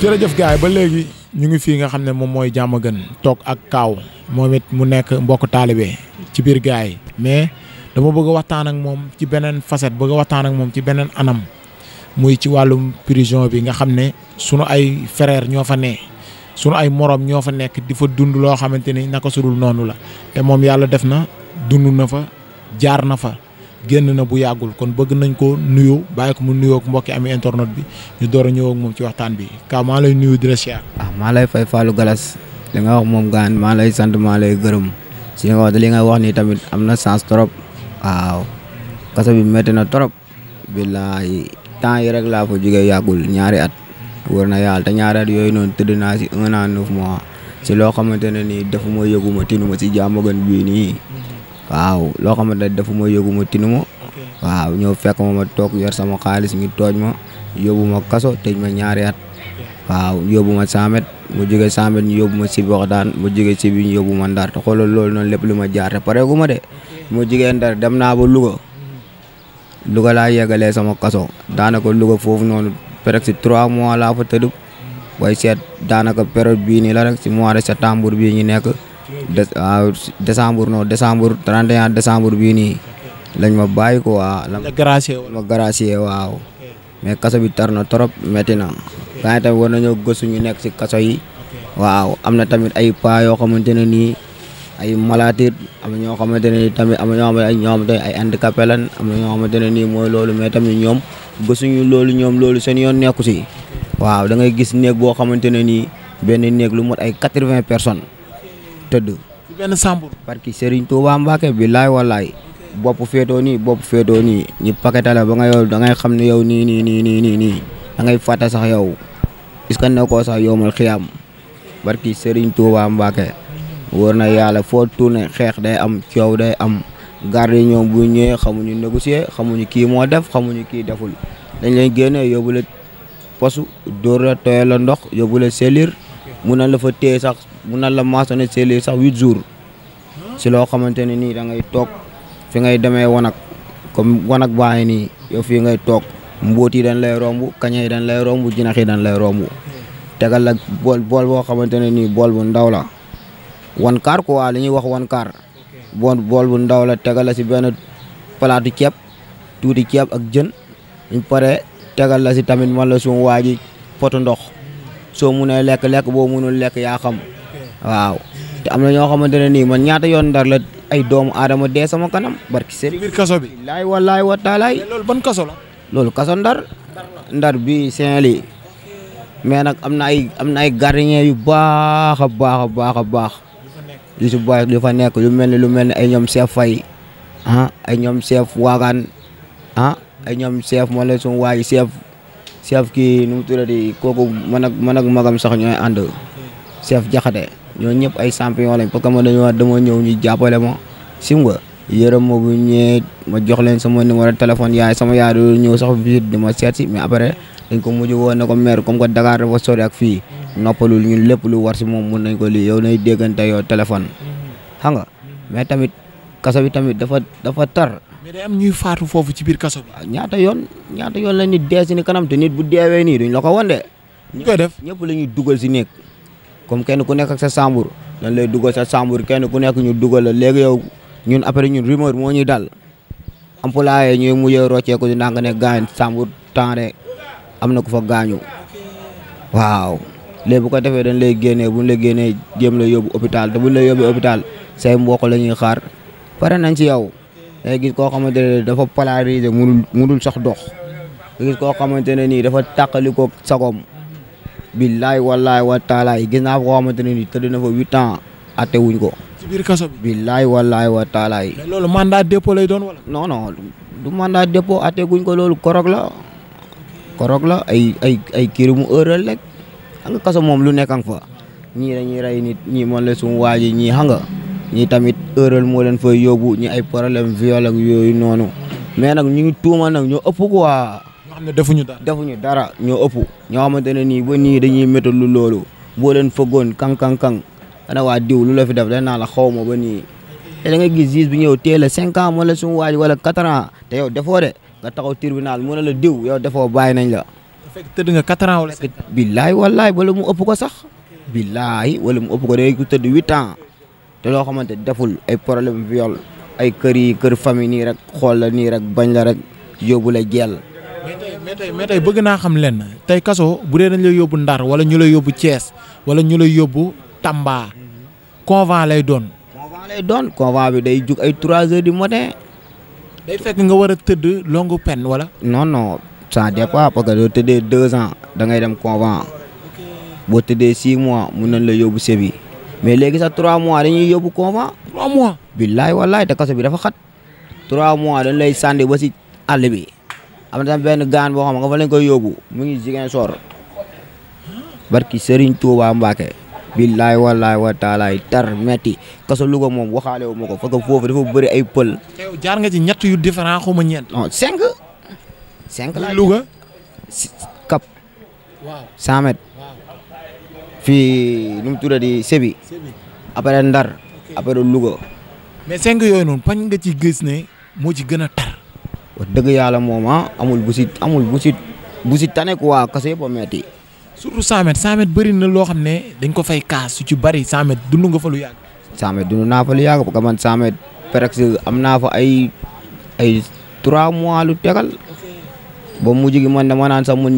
jërëjëf gars yi ba léegi ñu ngi fii nga xam ne moom mooy jàmm gën toog ak kaaw moom it mu nekk mbokk taalibe ci biir gars yi mais dama bëgg a waxtaan ak moom ci beneen facette bëgg waxtaan ak moom ci beneen anam muy ci wàllum prision bi nga xam ne sunu ay frères ñoo fa ne sunu ay morom ñoo fa nekk di fa dund loo xamante ni naka sudul noonu la te moom yàlla def na dund na fa jaar na fa genn na bu yagul kon bëgg nañ ko nuyu bay ko mu nuyoo ak mbokki ami internet bi ñu door ñëw ak mom ci waxtaan bi Ka ma lay nuyu di la ah ma lay fay Fallou Galas li nga wax mom gaan ma lay sant ma lay gëreum ci nga wax li nga wax ni tamit amna na sens trop waaw kaso bi metti na trop billahi temps yi rek la fa jógee yagul ñaari at wër na yàlla te ñaari at yoy non si un an neuf mois si loo xamantene ni dafa ma yëgu jamo tinu bi ni waaw loo xamante ne dafa ma yóbbu ma tinu ma waaw ñëw fekk ma ma toog yor sama xaalis ñu tooj ma yóbbu ma kaso tëj ma ñaari yat waaw yóbbu ma saamet mu jógee saamet ñu yóbbu ma si wax daan mu jógee si bi ñu yóbbu ma ndar te xoolal loolu noonu lépp li ma jaar paree pareegu ma de mu jógee ndar dem naa ba Louga mhm. Louga laa yeggalee sama kaso daanaka Louga foofu noonu presque trois mois laa fa tëdd mhm. booy seet daanaka période bii nii la rek si mois de septembre bii ñu nekk de waaw décembre non décembre 31 décembre bii nii lañ ma bàyyi ko waa la ma gracier waaw mais kaso bi tar na trop métti na gaa yi tamit war nañoo gëstu ñu nekk si kaso yi waaw am na tamit ay paa yoo xamante ne nii ay malaatit am na ñoo xamante ne nii tamit am na ñoo xamante ne ay handicapé lan am na ñoo xamante ne nii mooy loolu mais tamit ñoom gësuñu loolu ñoom loolu seen yoon nekku si waaw da ngay gis néeg boo xamante ne nii benn néeg lu mot ay quatre vingt personnes tëdd. ci benn sambur. parce que Serigne Touba Mbacke billaay wallaay. bopp féetoo nii bopp féetoo nii ñu paketala ba nga yow da ngay xam ne yow nii nii nii nii nii nii da ngay fàtte sax yow gis nga ne ko sax yowmal xiyaam barki Serigne Touba Mbacke wóor na yàlla foo tourné xeex day am coow day am garde ñoom bu ñëwee xamuñu négocier xamuñu kii moo def xamuñu kii deful dañ leen génne yóbbu la posu dóor la tooyal la ndox yóbbu la selir mun na la fa téye sax bu na la maçonné seeli sax 8 jours ci lo xamanteni ne da ngay tok fi ngay démé wanak comme wanak baa ni yow fi ngay tok mbóot dañ lay rombu kañay dañ lay rombu jinax yi dañ lay rombu tégal la bol bol bo xamanteni ne bol bu ndaw la wan kar quoi li ñuy wax wan kar, bon bol bu ndaw la tegal la si benn palaatu kiap tuuti ceeb ak jeun ñu paré tégal la si tamit man la waji waa poto ndox so munee lek lekk bo munul lek ya xam Wow, te amna na ñoo xamante ni man ñaata yoon dar la ay eh, doomu aadama dee sama kanam barki seen. bir kasso bi. lay wallahi wa taalaay. lool ban kasso la. lool kasso ndar. ndar bi Saint-Louis. mais nak amna ay amna ay gardien yu baax a baax baax yu su baax yu fa nekk yu melni lu melni ay eh, ñom chef eh, fay ah ay kan? ñom chef wagan ah ay ñom chef mo lay sun waay chef chef ki nu tuddi koku man ak man ak magam sax ñoy chef jaxade ñoo ñëpp ay champion lañ parce que man dañoo dama ñëw ñu jàppale ma sim nga yërëm ma bu ñëwee ma jox leen sama numéro téléphone yaay sama yaay do ñëw sax visite di ma seet si mais après dañ ko mujj woon ne ko maire comme que Dakar dafa sori ak fii noppalul ñun lépp lu war si moom mun nañ ko lii yow nay ah, dee si ni kanam te nit bu deewee nii duñ la ko ñu dugal si néeg comme kenn ku nekk ak sa chambre lan lay dugal sa chambre kenn ku nekk ñu dugal la léegi yow ñun après ñun rumeur moo ñuy dal employé ñuy mujjee rocceeku di naan ne gaañ chambre temps de am na ku fa gaañu waaw léegi bu ko defee dañ lay génnee bu la lay génnee jéem la yóbbu hôpital te bu la lay yóbbu hôpital say la ñu xaar pare nañ si yow day gis koo xamante ne dafa polariser mënul mënul sax dox gis koo xamante ne dafa tàqali sagom billaay wallaay wa taalaay gis naa fa koo xamante ne na fa huit ans atte wuñ ko. ci biir kaso bi billaay wallaay wa taalaay. mais loolu mandat dépôt lay doon wala. non non du mandat dépôt atte guñ ko loolu korog la korog la ay ay ay kiri mu heure rek xam kaso moom lu nekk fa ñii dañuy rey nit ñii man la suñu waa ji ñii xam nga ñii tamit heure moo leen fay yóbbu ñi ay problème viol yooyu noonu mais nag ñu ngi tuuma nag ñoo ëpp xam ne defuñu dara. defuñu dara ñoo ëpp. ñoo ne nii ba nii dañuy métti lu loolu boo leen fëggoon kang kang kang ana waa diw lu la fi def dañ naa la xaw ma ba nii te da nga gis gis bi ñëw teel a cinq ans wala suñu waaj wala quatre ans te defoo de nga taxaw tribunal mu ne la diw yow defoo bàyyi nañ la. fekk tëdd nga quatre ans wala cinq ans. billaay wallaay wala mu ëpp ko sax. billaay wala mu ëpp ko day tëdd huit ans te loo xamante deful ay problème viol ay kër yi kër famille nii rek xool la nii rek bañ la rek yóbbu mais tey bëgg naa xam lenn tey kaso bu dee dañ la yóbbu Ndar wala ñu la yóbbu cees wala ñu lay yóbbu Tamba convent lay doon. convent doon convent bi day jug ay 3 heures du matin. day fekk nga war a tëdd longu peine wala. non non ça dépend parce que doo tëddee 2 ans da ngay dem convent boo tëddee 6 mois mun na la yóbbu sébi mais léegi sax 3 mois dañuy yóbbu convent. 3 mois. billaay wallaay te kaso bi dafa xat. trois mois dañ lay sandi ba si àll bi. am na tam benn gaan boo xam nga fa lañ koy yóbbu mu ngi jigéen soor barki Serigne Touba Mbacke billaay wallaay wa taalaay tar metti kaso Louga moom waxaale wu ma ko fekk foofu dafa bëri ay pël. jaar nga ci ñett yu différent xuma ñeent. non cinq. cinq laay Louga. Cap. fii nu mu tuddee di Sébi. après Ndar. après Louga. mais cinq yooyu noonu pañ nga ci gis ne moo ci gën a tar. wax dëgg yàlla moom ah, amul bu si amul bu si bu si tane quoi kase yëpp a metti surtout 100 mètres 100 mètres bëri na loo xam ne dañ ko fay kaas su ci bëri 100 mètres dund nga fa lu yàgg. 100 mètres dund naa fa lu yàgg parce am naa fa ay ay 3 mois lu tegal ba mujj gi man dama naan sax ma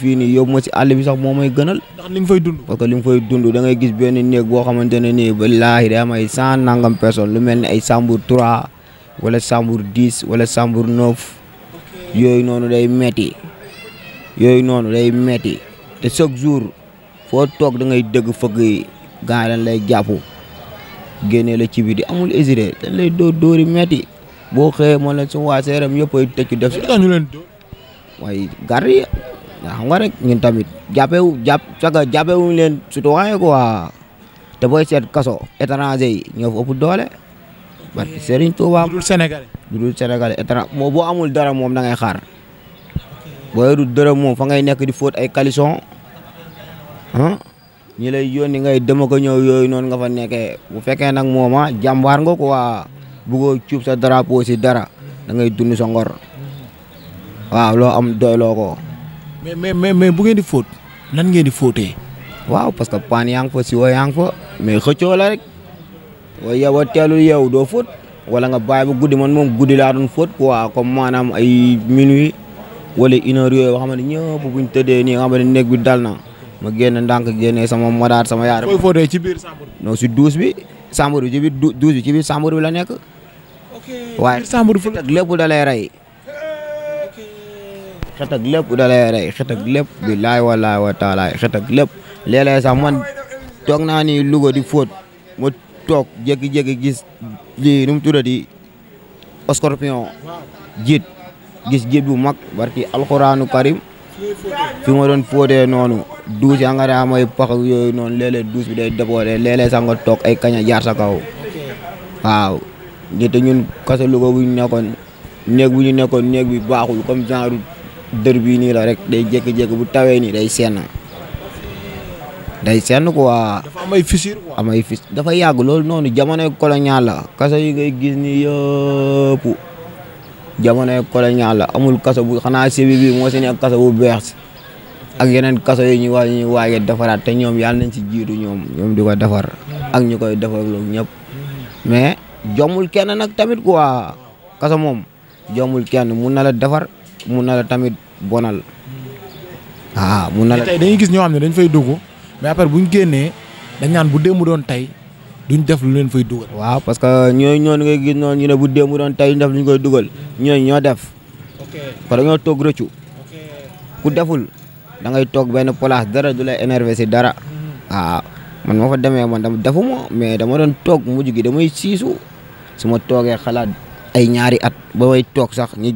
fii nii ma si àll bi sax moo may gënal. ndax li nga fay dund. gis benn néeg boo xamante ne nii ba laahi day am ay lu mel ni ay Sambour 3 wala chambre dix wala chambre neuf yooyu noonu day metti yooyu noonu day metti te chaque jour foo toog da ngay dëgg fëgg yi gaa dañ lay jàpp génnee la ci bi di amul hésité dañ lay doori dóori boo xëyee moo leen suñu waa seeram yëpp ay tëcc def si waaye gar nga xam nga tamit jàppewu jàpp saga jàppewuñu leen surtout waaye quoi te booy seet kaso étranger yi ñoo ëpp doole barki Serigne Touba. budul Sénégalais budul Sénégalais état mo bo amul dara mom da ngay xaar boo yorul dara moom fa ngay nek di foot ay calisson han ñi lay yoni ngay dem ko ñëw yoy non nga fa nekkee bu fekkee nak mooma ah. jambar nga bu go ciup sa drapeau ci dara da ngay dund sa ngor wa hmm. ah, lo am doyloo ko. mais mais mais bu ngeen di foot nan ngeen di foté waaw parce que pan yang fo si wo yang fo mais la rek. waaye yow a teelu yow doo foot wala nga bàyyi ba guddi man moom guddi laa doon fóot quoi comme maanaam ay minuit wala une heure yooyu xam ne ñëpp buñ tëddee nii nga xam ne néeg bi dal na ma génn ndànk génne sama madaar sama yaar. fooy fóotee ci biir chambre bi. non si douche bi chambre bi ci biir douche bi ci biir chambre bi la nekk. ok biir chambre bi waaye lépp da lay rey. xet ak lay rey xet wa taalaay xet ak lépp léeg-léeg man toog naa ni Louga di fóot toog jékki-jékki gis lii nu mu tuddati jiit gis jiit bu mag barki alxuraanu karim fi ma doon fóotee noonu duus yi nga ne mooy pax yooyu noonu léeg-léeg duus bi day déboote léeg-léeg sax nga toog ay kaña jaar sa kaw waaw te ñun kaso Louga bu ñu nekkoon néeg bu ñu nekkoon néeg bi baaxul comme genre dër bii nii la rek day jékki-jékki bu tawee nii day senn day senn quoi. dafa am dafa yàgg loolu noonu jamonoy colonial la kaso yi ngay gis ni yëpp jamonoy colonial la amul kaso bu xanaa sibi bi moo si nekk kaso bu bees ak yeneen kaso yi ñu waa ñu waage defaraat te ñoom yàlla nañ si jiitu ñoom ñoom di ko defar ak ñu koy defar loolu ñëpp mais jommul kenn nag tamit quoi kaso moom jomul kenn mun na la defar mun na la tamit bonal. Hmm. ah mun na la tey dañuy gis ñoo xam ne dañ fay dugg. mais pare bu ñu génnee dañ ñaan bu démb doon tey duñ def lu leen fay dugal. waaw parce que ñoo ñoo ñooñu ngay gis noonu ñu ne bu démb doon tey ñu def lu ñu koy dugal ñooñu ñoo def. ok kon dañoo toog rëccu. ku deful da ngay toog benn place dara du lay énervé si dara. Mm-hmm. ah man ma fa demee man da defuma mais dama doon toog mujj gi damay siisu su ma toogee xalaat ay ñaari at ba may toog sax ñu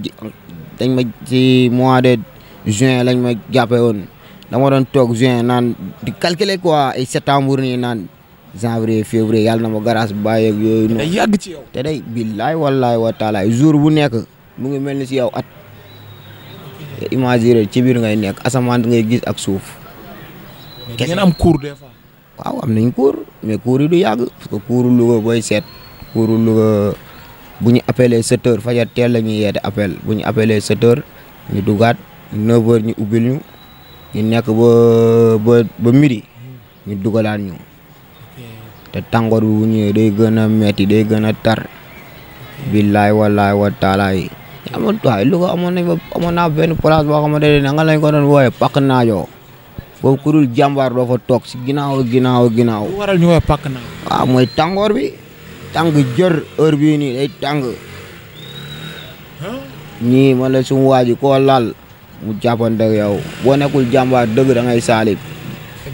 dañ ma ci mois de juin lañ ma jàppee woon. dama doon toog juin naan di calculer quoi ay septembre nii naan janvier février yàlla na ma garage bàyyeeg yooyu. noonu yàgg ci yow. te day billaay wallaay wa taala jour bu nekk mu ngi mel ni si yow at. imaginer ci biir ngay nekk asamaan ngay gis ak suuf. kese ngeen am cours des fois. waaw am nañ cours mais cours yi du yàgg parce que seet. cours bu ñu appele sept heures fajar teel la ñuy yeete appel bu ñu appele sept heures ñu dugaat neuf heures ñu ubbil ñu. ñu nekk ba ba ba midi ñu dugalaat ñu te tàngoor bi bu da day gën a metti day gën a tar billaay wallaay wa taalaay amoon waaye lu ko amoon nañ amoon naa benn place boo xamante ne nga ko doon wooyee pàkk naajoo boobu ku dul jàmbaar doo toog si ginnaaw ginnaaw ginnaaw. lu waral ñu wooyee pàkk naajoo. waaw mooy tàngoor bi tàng jër heure bii nii day tàng ñii man la sumu waa ji koo mu jàppanteeg yow boo nekkul jàmbaar dëgg da ngay saalib.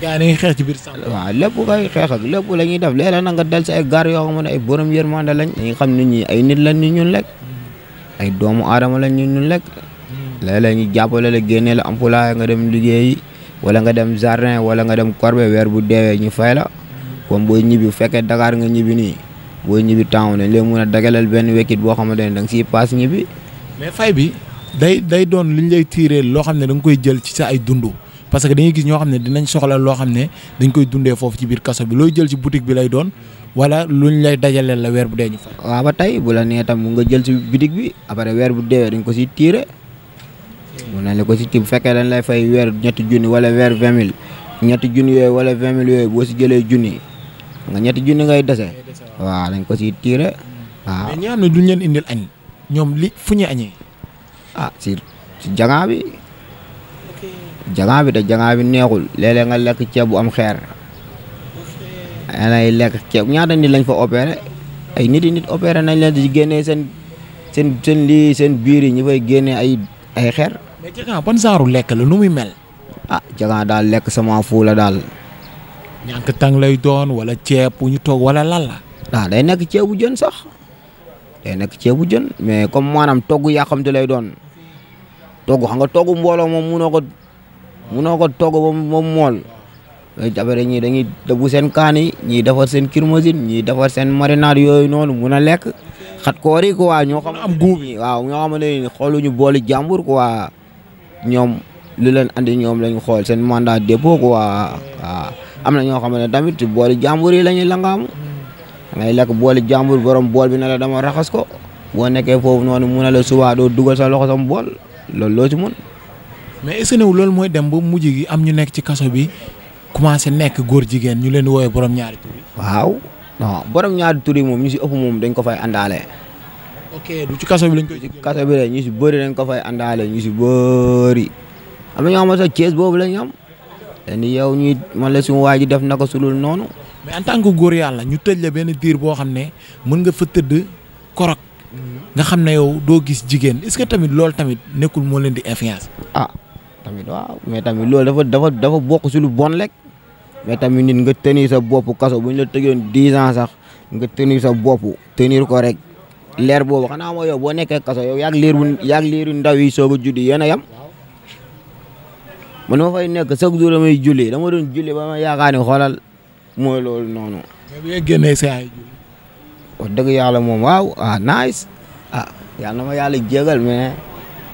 gaa yi dañuy xeex ci biir Samba. waaw lépp kay xeex ak lépp la ñuy def léeg-léeg nag nga dal si ay gar yoo xam ne ay borom yërmande lañ. dañuy xam nit ñi ay nit lañ ñu ñun lekk mm. ay doomu aadama lañ ñu ñun lekk mm. léeg-léeg ñu jàppale la génne la employé nga dem liggéeyi wala nga dem jardin wala nga dem corbe weer bu deewee ñu fay la mm. kom booy ñibbi bu fekkee Dakar nga ñibbi nii booy ñibbi temps wu ne léegi mun a dagalal benn wekkit boo xamante ne da si siy paas ñibbi. fay bi. day day doon liñ lay tiré lo xamné dang koy jël ci sa ay dundu parce que dañuy gis ño xamné dinañ soxla lo xamné dañ koy dundé fofu ci bir kasso bi loy jël ci boutique bi lay doon wala luñ lay dajalé la weer bu déñu fa. wa ba tay bu la né tam nga jël ci boutique bi après weer bu deewee dañ ko ci tiré mo na la ko ci tim féké dañ lay fay weer ñett junni wala weer 20000 ñett ñetti yoy wala 20000 yoy bo ci jëlé jëlee nga ñett junni ngay dese wa dañ ko ci tiré wa mais ñi xam duñ leen indil añ ñom li fuñu ñu ah si si jangaa bi jangaa bi te jangaa bi neexul léeg nga lekk ceeb bu am xeer ay lekk ceeb ñaata nit lañ fa opéré ay nit yi nit nañ leen di génnee seen seen seen lii seen biir yi ñu fay génnee ay ay xeer. mais jangaa ban lekk la nu muy mel. a ah, jangaa daal lekk sama fuu la daal. ñànk tàng lay wala ceeb bu ñu toog wala lan la. ah day nekk ceebu jën sax day nekk ceebu jën mais comme maanaam togg yaa xam te lay doon. togg xam nga togg mbooloo moom munoo ko munoo ko togg moom mool après ñii dañuy dëbbu seen kaani yi ñii defar seen kirmosine ñii defar seen marinade yooyu noonu mun a lekk xat koor yi quoi ñoo xam am guub yi waaw ñoo xam ne xooluñu booli jàmbur quoi ñoom lu leen andi ñoom lañu xool seen mandaa dépôt quoi waa am na ñoo xam ne tamit booli jàmbur yi la ñuy langaamu ngay lekk booli jàmbur borom bool bi ne la dama raxas ko boo nekkee foofu noonu mun a la subaa doo dugal sa loxo sam bool loolu loo ci mën. mais est-ce loolu mooy dem ba mujj gi am ñu nekk ci kaso bi commencé nekk góor jigéen ñu leen wooyee borom ñaari tur waaw non ñaari tur yi moom ñu si ëpp moom dañ ko fay àndaale. ok du ci kaso bi lañ koy. ñu si bëri dañ ko fay àndaale ñu si bëri. am na ñoo xamante ne kees boobu lañ am. ni yow ñuy man la suñu waa ji def na ko su noonu. mais en tant que góor yàlla ñu tëj la benn diir boo xam ne mën nga fa tëdd korok. nga xam na yow doo gis jigéen est-ce que tamit loolu tamit nekkul moo leen di influence. ah tamit waaw mais tamit loolu dafa dafa bokk si lu bon lekk mais tamit nit nga tenir sa bopp kaso bu ñu la tëjoon dix ans sax nga tenir sa bopp tenir ko rek leer boobu xanaa mooy yow boo nekkee kaso yow liir bu yaag liiru ndaw yi soog a juddi yéen a yem man ma fay nekk chaque jour damay julli dama doon julli ba ma yaakaar ne xoolal mooy loolu noonu. yàlla na ma yàlla jégal mais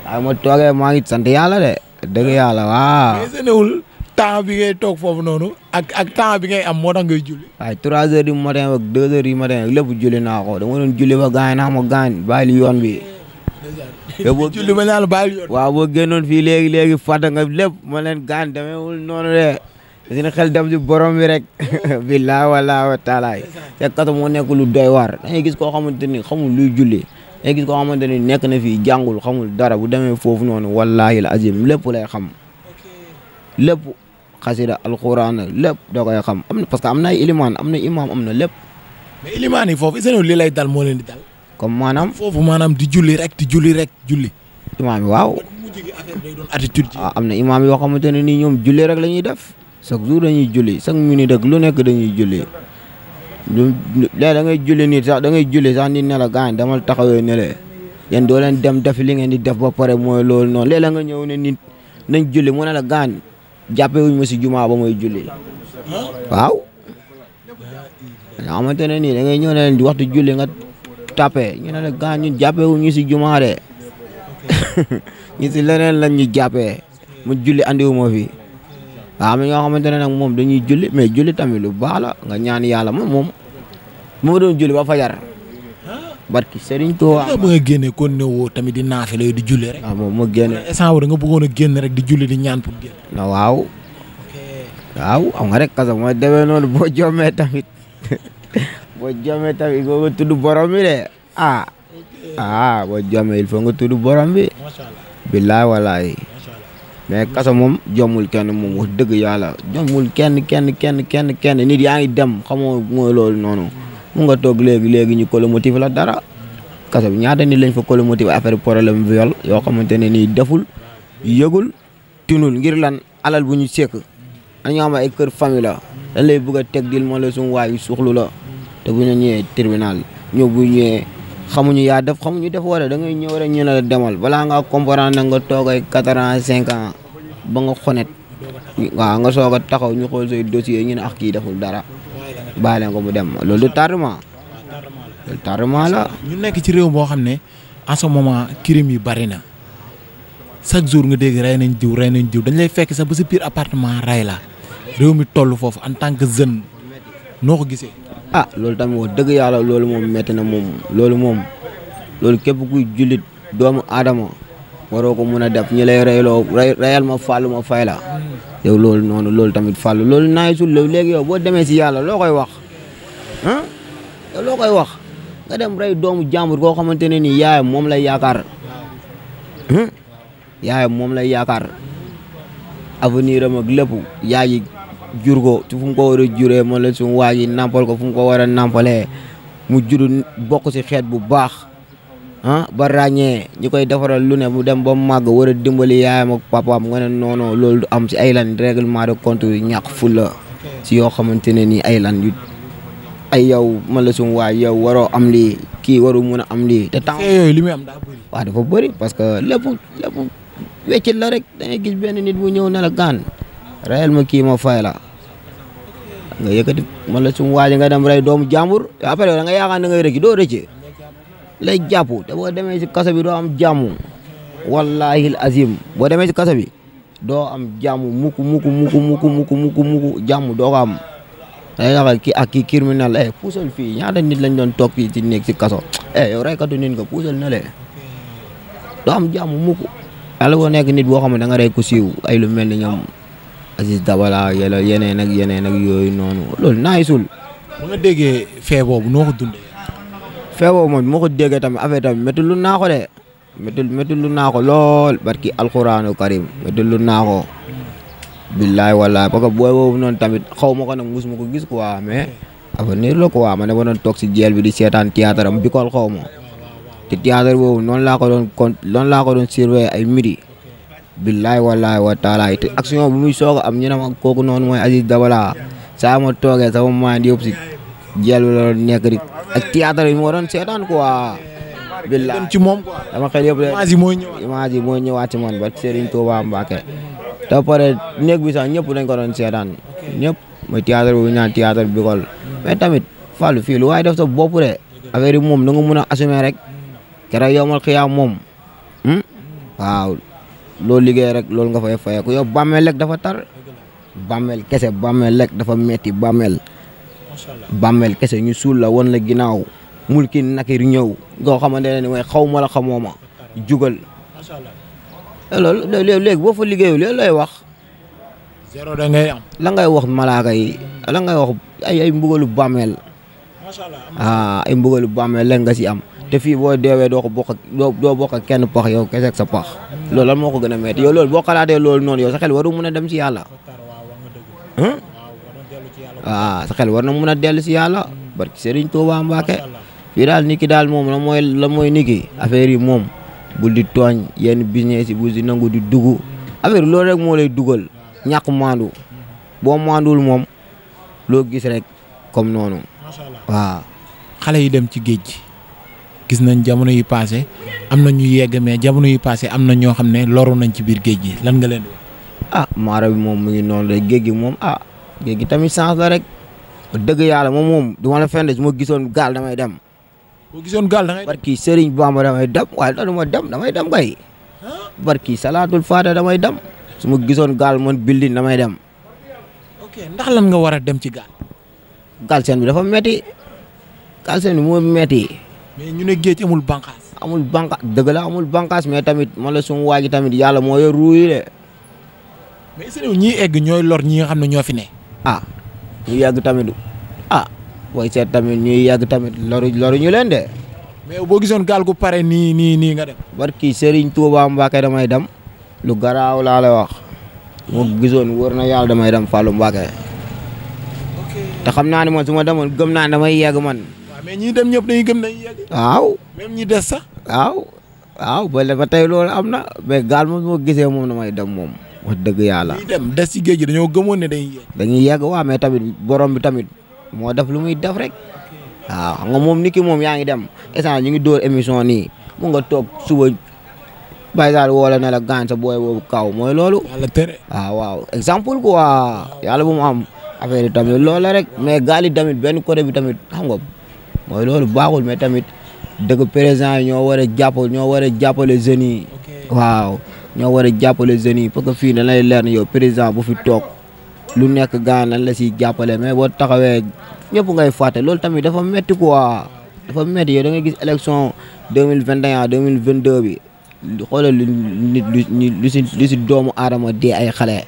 waaye ma toogee maa ngi sant yàlla de dëgg yàlla waaw. mais bi ngay toog foofu noonu ak ak temps bi ngay am moo tax ngay julli. waaye trois heures du matin ak naa ko dama doon julli ba gaañ naa ma gaañ yoon bi. te boo ba naan bàyyi waaw boo génnoon fii léegi léegi fàtte nga lépp ma leen gaañ demeewul noonu de. seen xel dem ci borom bi rek billaa wala wa taala te katu moo nekk lu doy waar gis koo xamante ni xamul luy julli. gis ko xamanteni nek na fi jàngul xamul dara bu demé fofu non wallahi alazim lépp lay xam lépp xasida alquran lépp da koy xam amna parce que amna na ay ilimaan amna na imaam lépp. mais ilimaan yi fofu is li lay dal mo len di dal. comme manam fofu manam di julli rek di julli rek julli. imam yi waaw. am na imaam yoo xamante ne ni ñoom julli rek la def chaque jour dañuy julli chaque minute rek lu nekk dañuy julli. léegi da ngay julli nit sax danga ngay julli sax nit ne la damal taxawee ne leen yéen doo dem def li ngeen di def ba pare mooy loolu noonu léeg-léeg nga ñëw ne nit nañ julli mu ne gaan gaañ jàppee wuñ si jumaa ba mooy julli waaw. nga ne nii da ngay ñëw ne di waxtu julli nga tapé ñu ne la gaañ ñun jàppee si jumaa de si leneen lañ ñu jàppee mu julli andiwu ma fi waaw mais ñoo xamante ne nag moom dañuy julli mais julli tamit lu baax la nga ñaan yàlla moom moom. moo doon julli ba fajar barki Serigne Touba. a génne kon ne woo tamit di naafi di julli rek. Ah, moom ma génne. instant wala nga bëggoon rek di julli di ñaan pour génn. waaw. waaw am rek kasa mooy demee noonu boo jommee tamit boo jommee tamit il faut nga tudd borom bi de ah. ah boo jommee il faut nga tudd borom bi. macha allah billaay walaay. mais kaso moom jommul kenn moom wax dëgg yàlla jommul kenn kenn kenn kenn kenn nit yaa ngi dem xamoo mooy loolu noonu. mu nga toog léegi léegi ñu colomotive la dara kaso bi ñaata nit lañ fa colomotive affaire problème viol yoo xamante ne nii deful yëgul tunul ngir lan alal bu ñu sekk dañoo am ay kër famille la dañ lay bëgg a teg dil moo la suñu waayu suuxlu la te bu ñu ñëwee tribunal ñëw bu ñëwee xamuñu yaa def xamuñu def wala da ngay ñëw rek ñu ne la demal balaa nga comprendre na nga toog ay quatre ans cinq ans ba nga xonet waaw nga soog a taxaw ñu xool say dossier ñu ah, kii deful dara baale leen mu dem loolu du tardement. loolu tardement la. ñu nekk ci réew moo xam ne en ce moment crime yi bari na chaque jour nga dégg rey nañ diw rey nañ diw dañ lay fekk sa ba sa biir appartement rey la réew mi toll foofu en tant que jeune noo ko gisee. ah loolu tamit wax dëgg yàlla loolu moom metti na moom loolu moom loolu képp kuy jullit doomu aadama waroo ko mun a def ñu lay reyloo reyal ma fàllu ma fay la hmm. yow loolu noonu loolu tamit fàllu loolu naa sul loolu léegi yow boo demee si yàlla loo koy wax ah yow loo koy wax nga dem rey doomu jàmbur koo xamante ne nii yaayam moom lay yaakaar yaayam moom lay yaakaar avenir am lépp yaa ngi jur ko ci fu ko war a juree moom la suñu nampal ko fum ko war a nàmpalee mu jur bokk si xeet bu baax ah ba ràññee ñukoy koy defaral lu ne mu dem ba mag wara a dimbali yaayam ak papaam nga ne noonu du am si ay lan règlement de compte yu ñak fulla si yoo xamante ne ay lan yu ay yow man la suñu yow waro am li ki waru mëna am li te tan yooyu li muy am da bari wa dafa bari parce que lepp lepp weccit la rek da ngay gis benn nit bu ñëw na la gan réel ma ki ma fay la nga yëkëti la nga dem ray doomu jambour après nga yaaka nga ngay rëcc do rëcc. lay jàpp te boo demee si kaso bi doo am jàmm wallahi azim boo demee si kaso bi doo am jàmm muku muku muku muku muku muku muku jàmm doo ko am day tax kii ak kii criminel eh puusal fii ñaata nit lañ doon toog fii ci nekk si kaso eh yow reykatu nit nga puusal na le am jàmm muku yàlla boo nekk nit boo xam ne da nga rey ku siiw ay lu mel ni ñoom Aziz Dabala yàlla yeneen ak yeneen ak yooyu noonu loolu naay sul. ba nga feeboo moom moo ko déggee tamit affaire tamit métti lu ko de métti métti ko lool barki alxuraanu karim métti lu ko. billaay wallaay parce que booy boobu noonu tamit xaw ma ko nag musuma ko gis quoi mais avenir la quoi ma ne ma doon toog si jeel bi di seetaan théâtre am bi ko xaw ma te théâtre boobu laa ko doon con noonu laa ko doon surveiller ay midi. billaay wallaay wa taalaay am ñu ne ma kooku noonu mooy Aziz Dabala saa ma toogee sama mind yëpp si jeel bi la ak théâtre yi moo doon seetaan quoi. billaay ci moom quoi dama xel yëpp de. image yi mooy ñëwaat image yi mooy ñëwaat ci man ba Serigne Touba Mbacke. te pare néeg bi sax ñëpp dañ ko doon seetaan ñëpp mooy théâtre bu ñaan théâtre bi Bikol mais tamit Fallou fii lu waaye def sa bopp de affaire yi moom na nga mun a assumer rek keroog yomal xiyaam moom hmm? waaw loolu liggéey rek loolu nga fay fayeeku yow bàmmeel rek dafa tar bàmmeel kese bàmmeel rek dafa metti bàmmeel bàmmeel kese ñu suul la wan la ginnaaw mulki nakir ñëw goo xamante ne ni mooy xaw ma la xamoo ma jugal eh, loolu lool boo fa liggéeyul loolu wax zéro da am la ngay wax malaaka yi la ngay wax ay ay mbugalu bàmmeel ah ay mbugalu bàmmeel la nga si am te fii boo deewee doo ko bokk doo bokk kenn pax yow kese sa pax lool lan moo ko gën a metti lool boo xalaatee loolu noonu yow sa xel waru mën a dem si yàlla waaw ah, sa xel war na mun a dellu si yàlla barki Serigne Touba Mbacke fii daal niki daal moom la mooy la mooy niki affaire yi moom bul di tooñ yenn business yi bul di nangu di dugg affaire loolu rek moo lay dugal ñàkk maandu boo maanduwul moom loo gis rek comme noonu waaw. xale yi dem ci géej gi gis nañ jamono yi paase am na ñu yegg mais jamono yi paase am na ñoo xam ne loru nañ ci biir géej lan nga leen di wax. ah bi moom mu noonu rek géej gi moom ah, géej gi tamit chance la rek deug yàlla mom mom du la fende su ma gisoon gaal damay dem. boo gisoon gal damay barki Serigne Bamba damay dem waaye da ma dem damay dem bay barki Salatul fada damay dem su gizon gal mon building damay dem. ok ndax lan nga wara dem ci gal gal sen bi dafa metti gal sen mo metti. mais ñu ne amul bankas amul banka deug la amul bankas mais tamit mo la suma waji tamit yàlla mo yor ruuy de. mais est ñi egg ñoy lor ñi nga xamne ño fi ne. ah ñu yàgg tamit ah way seet tamit ñuy yàgg tamit loru loru ñu leen de. mais boo gisoon gaal gu pare nii nii nii nga dem. barki Serigne Touba Mbacke damay dem. lu garaaw laa lay wax. moo gisoon wóor na yàlla damay dem Fallou Mbacke. te xam naa ne man su ma demoon gëm naa damay yegg man. waaw mais ñi dem ñëpp dañuy gëm dañuy yegg. waaw même des sax. waaw waaw ba tey lool am na mais gaal moom moo gisee moom damay dem moom. wax dëgg yàlla. ñuy dem des ci géej dañoo gëmoon ne dañuy yegg. dañuy yegg waaw mais tamit borom bi tamit moo def lu muy def rek waaw xam nga moom niki moom yaa ngi dem instant ñu ngi door émission nii mu nga toog suba Baye Sall woo la ne la booy boobu kaw mooy loolu. yàlla waaw example exemple waa yàlla bu mu am affaire yi tamit loola rek mais gaali tamit benn côté bi tamit xam nga mooy loolu baaxul mais tamit dëgg président yi ñoo war a jàppal ñoo war a jàppale jeunes yi waaw. ñoo war a jàppale jeunes yi parce que fii ne lay leer ne yow président bu fi toog lu nekk gaa nañ la siy jàppale mais boo taxawee ñëpp ngay fàtte loolu tamit dafa métti quoi dafa métti yow da ngay gis élection deux mille vingt et un deux mille vingt deux bi xoolal lu nit lu si si doomu aadama dee ay xale.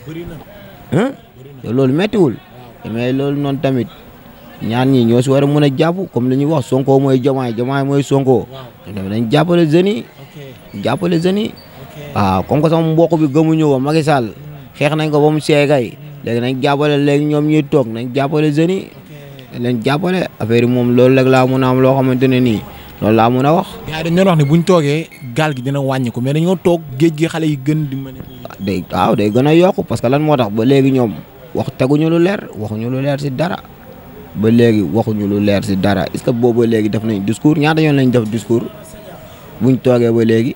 yow loolu méttiwul mais loolu noonu tamit ñaan ñi ñoo si war a mën a jàpp comme li ñuy wax Sonko mooy Jomaay Jomaay mooy Sonko. waaw dañ jàppale jeunes yi jàppale jeunes waaw ah, comme que mu mbokk bi gëmuñu ko Macky Sall xeex nañ ko ba mu seegay léegi nañ jàppale léegi ñoom ñuy toog nañ jàppale jeunes yi nañ jàppale affaire yi moom loolu rek laa mun a am loo xamante ne nii loolu laa mun a wax. gars dañ doon wax ne buñ toogee gaal gi dina wàññi ko mais dañoo toog géej gi xale yi gën di ah, day waaw day gën a yokk parce que lan moo tax ba léegi ñoom wax teguñu lu leer waxuñu lu leer si dara ba léegi waxuñu lu leer si dara est ce que boobu ba léegi def nañ discours ñaata yoon lañ def discours buñ toogee ba léegi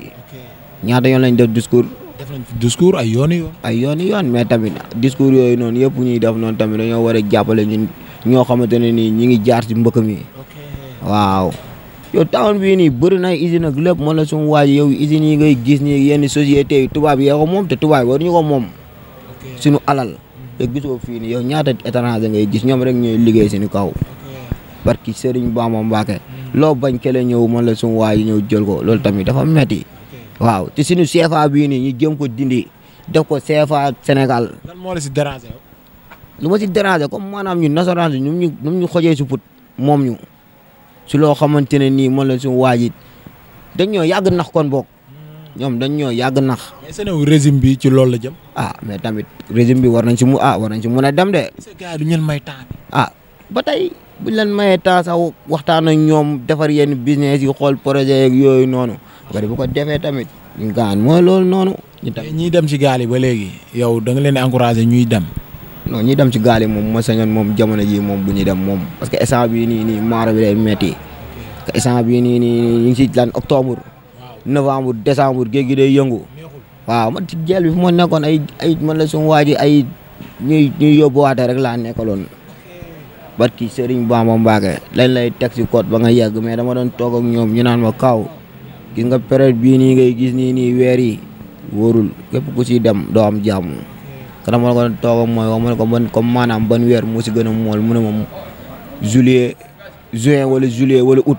ñaata yoon lañ def discours. def nañ discours ay yoon yoon. ay yoon yoon mais tamit discours yooyu noonu yëpp ñuy def noonu tamit dañoo war a jàppale ñun ñoo xamante ne nii ñi ngi jaar ci mbëkk mi. waaw. yow town bii nii bëri na usine ak lépp mën la suñu waaj yow usines yi ngay gis nii yenn sociétés yi tubaab yee ko moom te tubaab waruñu ko moom. suñu alal. te ñaata étranger ngay gis ñoom rek ñooy liggéey suñu kaw. barki Serigne Bamba Mbacke. Mm. loo bañ kele ñëw mën la suñu waaj ñëw jël ko loolu tamit dafa metti waaw te suñu CFA bii nii ñu jëm ko dindi def ko CFA senegal lan moo la si déranger. lu ma si déranger comme maanaam ñun national bi ñu ñu ñu xojee si put moom ñu si loo xamante ne nii moom la suñu waaj it dañ ñoo yàgg nax kon boog ñoom dañ ñoo yàgg nax. mais seen régime bi ci loolu la jëm. ah mais tamit régime bi war nañ si mu ah war nañ si mun a dem de. sa ñu may temps bi. ah ba tey buñ leen maye temps sax waxtaan ak ñoom defar yenn business yi xool projet yeeg yooyu noonu. bari bu ko defee tamit ñu gaan mooy lool noonu. ñu dem ñiy dem ci gaal yi ba léegi yow da nga leen di ñuy dem. non ñuy dem ci gaal yi moom ma sañoon moom jamono ji moom bu ñuy dem moom parce que instant bii nii nii maara bi day metti te instant nii nii ñu ngi ci lan octobre novembre décembre géej gi day yëngu waaw man ci jël bi fu ma nekkoon ay ay man la suñu waa ji ay ñuy ñuy yóbbuwaate rek laa nekkaloon barki Serigne Bamba Mbacké lañ lay teg ci code ba nga yegg mais dama doon toog ak ñoom ñu naan ma kaw gis nga période bi ni ngay gis ni ni wèr yi worul kep ku ci dem do am jamm te mo ngon toog mooy wax ma ko ban comme manam ban wèr mo ci gëna a mool mu ne mom juillet juin wala juillet wala août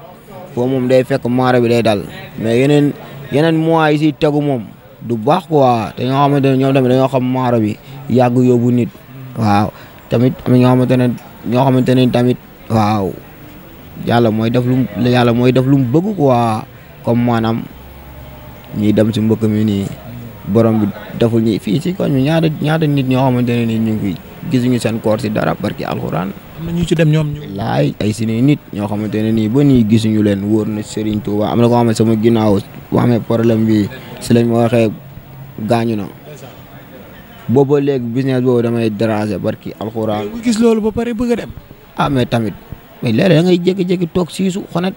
fo mom day fekk mara bi day dal mais yenen yenen mois yi ci tegu mom du bax quoi te nga xam na ñoom dem dañu xam mara bi yàgg yóbbu nit waaw tamit am ñoo xam ne ñoo xamante tamit waaw yalla moy def lu yalla moy def lu bëgg quoi comme maanaam ñuy dem si mbokk mi nii borom bi deful ñi fii si koñ bi ñaata nit ñoo xamante ne nii ñu ngi gisuñu seen koor si dara barki alxuraan. am na ñu ci dem ñoom ñu. laay ay suñuy nit ñoo xamante ne nii ba nii gisuñu leen wóor na Serigne Touba am na ko xam ne sama ginnaaw boo xamee problème bi si lañ ma waxee gaañu na. boobu ba léegi business boobu damay déranger barki alxuraan. gis loolu ba pare bëgg a dem. Ah, tamit mais léeg-léeg da ngay jékki-jékki siisu xonet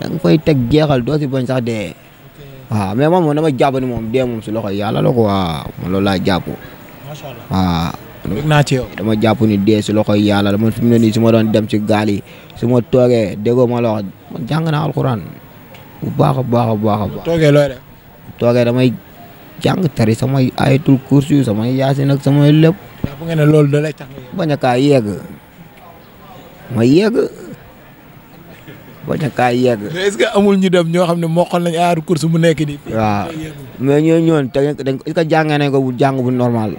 da nga fay teg jeexal doo si bañ sax dee. waaw mais man moom dama jàpp ni moom dee moom si loxo yàlla la ko waaw man loolu laa jàpp. macha allah waaw. dama jàpp ni dee si loxo yàlla la man fi mu su ma doon dem si gaal yi su ma tooge déggoo ma la wax man jàng naa alxuraan bu baax a baax a baax a baax. toogee looy def. toogee damay jàng tari samay ayatul kursi samay yaasin ak samay lépp. jàpp nga ne loolu da a kaa yegg ma yegg. ba ca kaay yegg. mais est ce amul ñu dem ñoo xam ne mokkal nañ aaru course mu nekk nii. waaw mais ñooñu ñoon te dañ ko est ko bu jàng bu normal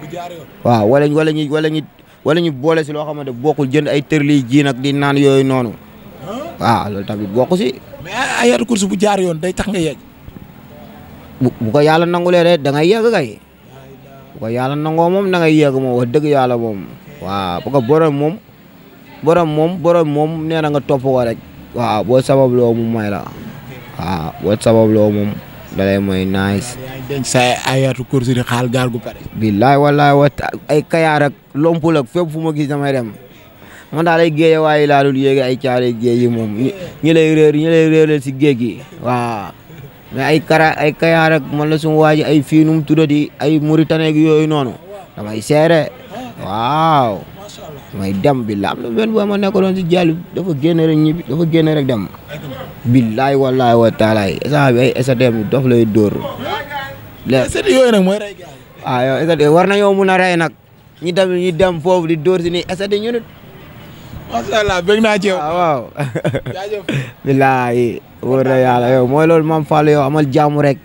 waaw wala wala ñu wala ñu wala ñu boole si loo xamante bokkul jënd ay tërli jii nag di naan yooyu noonu. waaw loolu tamit bokku si. mais ay bu jaar yoon day tax nga yegg. bu bu ko yàlla nangulee rek da ngay yegg kay. bu ko yàlla nangoo moom da ngay yegg moom wax dëgg yàlla moom. waaw parce que borom moom borom moom borom nee na nga topp ko waaw bo sabab loo mu may la waaw sabab loo moom dalay mooy nice. denc sa ay ayatu kursi di xaal gaal gu pare. billaay ay kayaar ak lompul ak fépp fu ma gis damay dem man daal ay géej waaye laa dul ay caare géej yi moom ñi lay réer ñi lay réeral si géej gi waaw ay kara ay kayaar ak waaji ay fii nu mu tuddati ay Mauritanie ak yooyu noonu damay seere waaw. may dem bi la am na benn boo ma nekkaloon si jàll dafa génn rek ñibbi dafa génn rek dem billaay wallaay wa taalaay instant bi ay SDM bi dof lay dóor. léegi SDM yooyu nag mooy rey gars yi. ah yow SDM war nañoo mun a nag ñi dem ñi foofu di dóor si ni SDM ñu nit. macha allah bëgg ah, na yàlla yow mooy loolu Mame Fallou yow amal jaamu rek.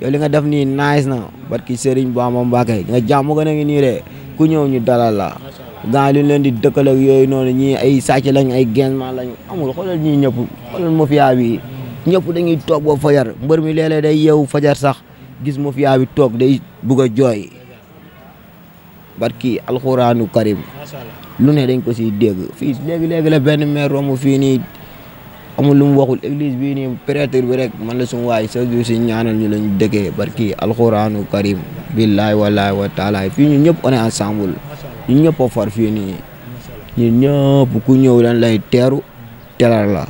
yow def nii nice a ngi nii de ku ñëw ñu dalal gaa yi leen di dëkkal yooyu noonu ñii ay sàcc lañ ay gàncax lañ amul xoolal ñii ñëpp xoolal mafia bi ñëpp dañuy toog ba fajar mbër mi léeg-léeg day yeewu fajar sax gis mafia bi toog day bugg a jooy barki alxuraanu karim lu ne dañ ko siy dégg fii léegi léegi la benn maire romb fii nii amul lu mu waxul église bii ni prêtre bi rek man la suñu waay sa ju si ñaanal ñu lañ dëkkee barki alxuraanu karim billahi wallahi wa taala fii ñu ñëpp on est ensemble ñun ñëpp a far fii nii ñun ku ñëw dañ lay teeru teral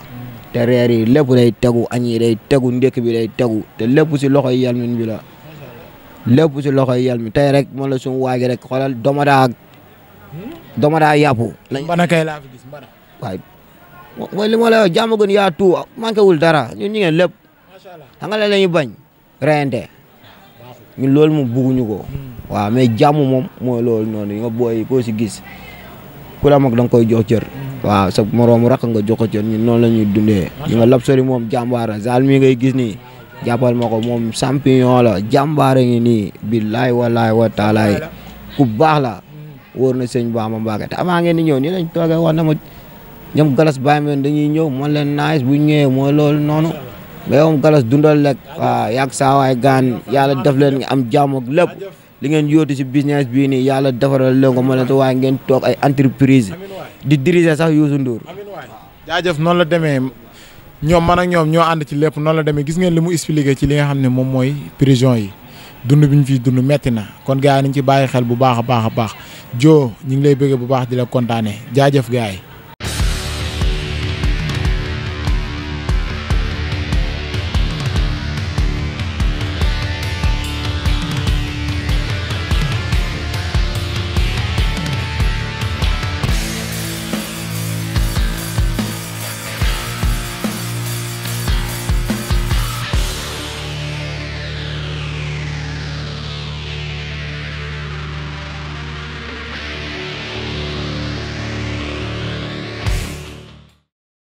te reer yi lépp day tegu añ yi day tegu ndékk bi day tegu te lépp si loxo yi yalmin bi la lépp si loxo yi yalmin tey rek man la suñu waagi rek xoolal domadaa domadaa yàpp mbana kay laa fi gis mbana waay mooy li wul dara ñun ñu ngeen lépp xam nga la bañ reyante ñun loolu mu bugguñu ko hmm. waaw mais jàmm moom mooy loolu noonu yi nga booy koo gis ku la mag da nga koy jox cër. waaw sa moroomu nga jox ko cër ñun la ñuy dundee. ñu nga Labsori moom jàmbaar la Zal mii ngay gis ni jàppal ma ko moom champion la jàmbaar ngi nii billaay walaay wa taalaay ku la. wóor na sëñ Bamba Mbacke te avant ngeen di ñëw nii lañ toogee wax na ma ñoom galas bàyyi ma dañuy ñëw man leen naaj bu ñëwee mo lool noonu mais moom galas dundal rek waaw yàgg gaan yàlla def leen am jàmm ak li ngeen yóotu si business bii nii yàlla defaral leen ko ma ne waaye ngeen toog ay entreprise di diriger sax Youssou Ndour. jaajëf noonu la demee ñoom man ak ñoom ñoo ànd ci lépp noonu la demee gis ngeen li mu expliqué ci li nga xam ne moom mooy prison yi dund bi ñu fiy dund metti na kon gars yi nañ ci bàyyi xel bu baax a baax a baax joo ñu ngi lay bëggee bu baax di la kontaanee jaajëf gars yi